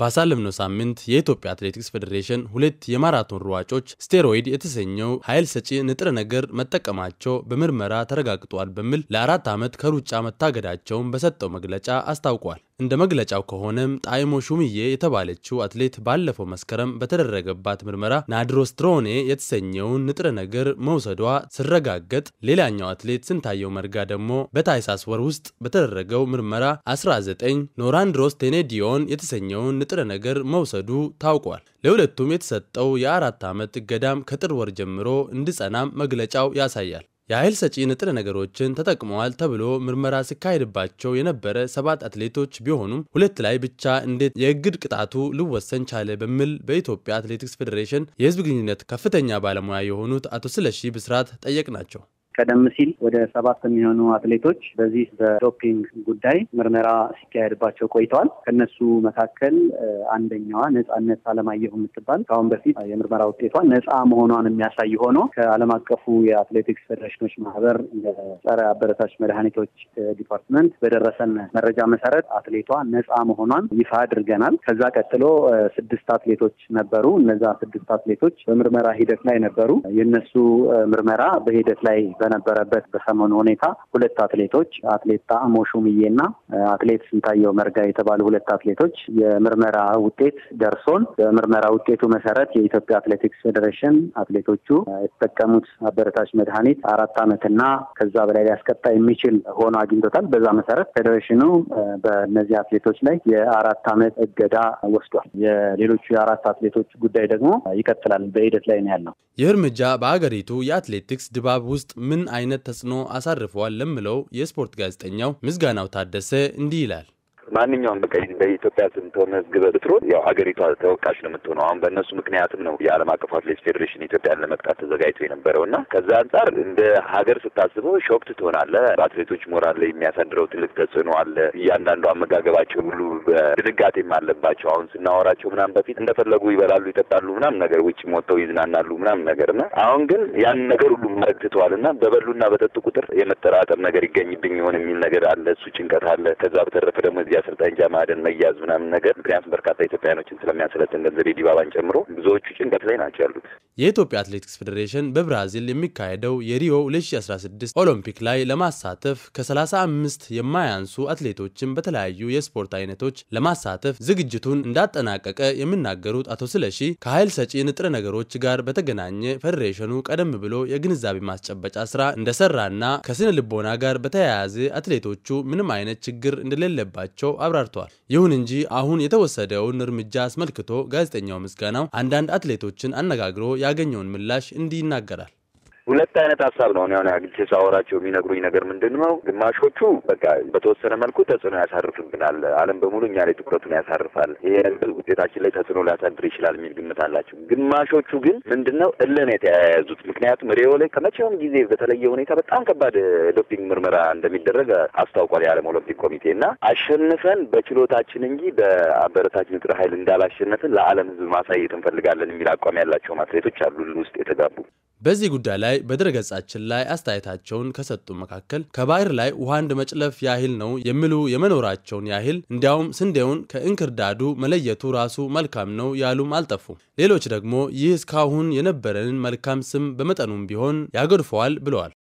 ባሳለፍነው ሳምንት የኢትዮጵያ አትሌቲክስ ፌዴሬሽን ሁለት የማራቶን ሯጮች ስቴሮይድ የተሰኘው ኃይል ሰጪ ንጥረ ነገር መጠቀማቸው በምርመራ ተረጋግጧል በሚል ለአራት ዓመት ከሩጫ መታገዳቸውን በሰጠው መግለጫ አስታውቋል። እንደ መግለጫው ከሆነም ጣይሞ ሹምዬ የተባለችው አትሌት ባለፈው መስከረም በተደረገባት ምርመራ ናድሮስትሮኔ የተሰኘውን ንጥረ ነገር መውሰዷ ስረጋገጥ፣ ሌላኛው አትሌት ስንታየው መርጋ ደግሞ በታይሳስ ወር ውስጥ በተደረገው ምርመራ 19 ኖራንድሮስ ቴኔዲዮን የተሰኘውን ንጥረ ነገር መውሰዱ ታውቋል። ለሁለቱም የተሰጠው የአራት ዓመት እገዳም ከጥር ወር ጀምሮ እንዲጸናም መግለጫው ያሳያል። የኃይል ሰጪ ንጥረ ነገሮችን ተጠቅመዋል ተብሎ ምርመራ ሲካሄድባቸው የነበረ ሰባት አትሌቶች ቢሆኑም ሁለት ላይ ብቻ እንዴት የእግድ ቅጣቱ ልወሰን ቻለ በሚል በኢትዮጵያ አትሌቲክስ ፌዴሬሽን የሕዝብ ግንኙነት ከፍተኛ ባለሙያ የሆኑት አቶ ስለሺ ብስራት ጠየቅናቸው። ቀደም ሲል ወደ ሰባት የሚሆኑ አትሌቶች በዚህ በዶፒንግ ጉዳይ ምርመራ ሲካሄድባቸው ቆይተዋል። ከነሱ መካከል አንደኛዋ ነጻነት አለማየሁ የምትባል ከአሁን በፊት የምርመራ ውጤቷ ነጻ መሆኗን የሚያሳይ ሆኖ ከዓለም አቀፉ የአትሌቲክስ ፌዴሬሽኖች ማህበር ጸረ አበረታች መድኃኒቶች ዲፓርትመንት በደረሰን መረጃ መሰረት አትሌቷ ነጻ መሆኗን ይፋ አድርገናል። ከዛ ቀጥሎ ስድስት አትሌቶች ነበሩ። እነዛ ስድስት አትሌቶች በምርመራ ሂደት ላይ ነበሩ። የነሱ ምርመራ በሂደት ላይ በ በነበረበት በሰሞኑ ሁኔታ ሁለት አትሌቶች አትሌት ጣዕሞ ሹምዬና አትሌት ስንታየው መርጋ የተባሉ ሁለት አትሌቶች የምርመራ ውጤት ደርሶን በምርመራ ውጤቱ መሰረት የኢትዮጵያ አትሌቲክስ ፌዴሬሽን አትሌቶቹ የተጠቀሙት አበረታች መድኃኒት አራት ዓመትና ከዛ በላይ ሊያስቀጣ የሚችል ሆኖ አግኝቶታል። በዛ መሰረት ፌዴሬሽኑ በእነዚህ አትሌቶች ላይ የአራት ዓመት እገዳ ወስዷል። የሌሎቹ የአራት አትሌቶች ጉዳይ ደግሞ ይቀጥላል፣ በሂደት ላይ ነው ያለው። ይህ እርምጃ በሀገሪቱ የአትሌቲክስ ድባብ ውስጥ ምን ምን አይነት ተጽዕኖ አሳርፈዋል ለምለው የስፖርት ጋዜጠኛው ምዝጋናው ታደሰ እንዲህ ይላል። ማንኛውም በቀ በኢትዮጵያ ስም ተመዝግበህ ብትሮጥ ያው ሀገሪቷ ተወቃሽ ነው የምትሆነው። አሁን በእነሱ ምክንያትም ነው የዓለም አቀፍ አትሌቲክስ ፌዴሬሽን ኢትዮጵያን ለመቅጣት ተዘጋጅቶ የነበረው እና ከዛ አንጻር እንደ ሀገር ስታስበው ሾክት ትሆናለ። በአትሌቶች ሞራል ላይ የሚያሳድረው ትልቅ ተጽዕኖ አለ። እያንዳንዱ አመጋገባቸው ሁሉ በድንጋጤም አለባቸው። አሁን ስናወራቸው ምናም በፊት እንደፈለጉ ይበላሉ፣ ይጠጣሉ፣ ምናም ነገር ውጭ ሞተው ይዝናናሉ ምናም ነገር እና አሁን ግን ያን ነገር ሁሉ ማድረግ ትተዋል እና በበሉና በጠጡ ቁጥር የመጠራጠር ነገር ይገኝብኝ ይሆን የሚል ነገር አለ። እሱ ጭንቀት አለ። ከዛ በተረፈ ደግሞ እዚህ የአሰልጣኝ ጃ ማዕደን መያዝ ምናምን ነገር ምክንያቱም በርካታ ኢትዮጵያውያኖችን ስለሚያሰለጥን ገንዘቤ ዲባባን ጨምሮ ብዙዎቹ ጭንቀት ላይ ናቸው ያሉት። የኢትዮጵያ አትሌቲክስ ፌዴሬሽን በብራዚል የሚካሄደው የሪዮ 2016 ኦሎምፒክ ላይ ለማሳተፍ ከ35 የማያንሱ አትሌቶችን በተለያዩ የስፖርት አይነቶች ለማሳተፍ ዝግጅቱን እንዳጠናቀቀ የሚናገሩት አቶ ስለሺ ከኃይል ሰጪ ንጥረ ነገሮች ጋር በተገናኘ ፌዴሬሽኑ ቀደም ብሎ የግንዛቤ ማስጨበጫ ስራ እንደሰራና ከስነ ልቦና ጋር በተያያዘ አትሌቶቹ ምንም አይነት ችግር እንደሌለባቸው አብራርተዋል። ይሁን እንጂ አሁን የተወሰደውን እርምጃ አስመልክቶ ጋዜጠኛው ምስጋናው አንዳንድ አትሌቶችን አነጋግሮ ያገኘውን ምላሽ እንዲህ ይናገራል። ሁለት አይነት ሀሳብ ነው ሆነ አግኝቼ ሳወራቸው የሚነግሩኝ ነገር ምንድን ነው? ግማሾቹ በቃ በተወሰነ መልኩ ተጽዕኖ ያሳርፍብናል፣ ዓለም በሙሉ እኛ ላይ ትኩረቱን ያሳርፋል፣ ይሄ ነገር ውጤታችን ላይ ተጽዕኖ ሊያሳድር ይችላል የሚል ግምት አላቸው። ግማሾቹ ግን ምንድን ነው እለን የተያያዙት ምክንያቱም ሪዮ ላይ ከመቼውም ጊዜ በተለየ ሁኔታ በጣም ከባድ ዶፒንግ ምርመራ እንደሚደረግ አስታውቋል የዓለም ኦሎምፒክ ኮሚቴ እና አሸንፈን በችሎታችን እንጂ በአበረታች ንጥረ ኃይል እንዳላሸነፍን ለዓለም ሕዝብ ማሳየት እንፈልጋለን የሚል አቋም ያላቸውም አትሌቶች አሉ ውስጥ የተጋቡ በዚህ ጉዳይ ላይ በድረገጻችን ላይ አስተያየታቸውን ከሰጡ መካከል ከባህር ላይ ውሃ አንድ መጭለፍ ያህል ነው የሚሉ የመኖራቸውን ያህል እንዲያውም ስንዴውን ከእንክርዳዱ መለየቱ ራሱ መልካም ነው ያሉም አልጠፉም። ሌሎች ደግሞ ይህ እስካሁን የነበረንን መልካም ስም በመጠኑም ቢሆን ያገድፈዋል ብለዋል።